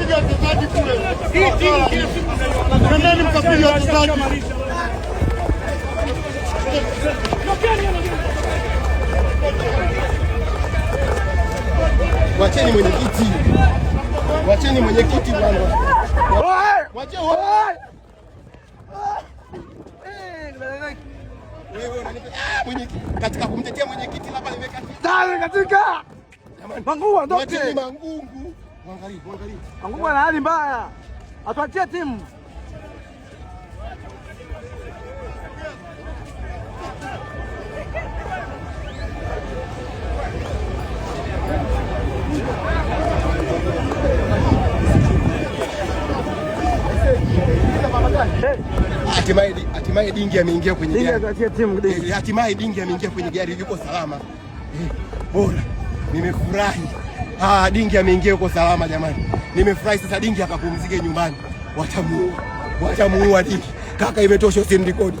mnapiga wachezaji kule, nendeni mkapiga wachezaji. Wacheni mwenyekiti, wacheni mwenyekiti bwana, ah, katika kumtetea mwenyekiti, labda nimekatika mangungu. Angubu ana hali mbaya, atuachie timu. Hatimaye dingi ameingia kwenye gari, yuko salama eh, bora nimefurahi. Ah, dingi ameingia huko salama jamani, nimefurahi. Sasa dingi akapumzike nyumbani, watamuua, watamuua dingi. Kaka, imetosha usimdikodi.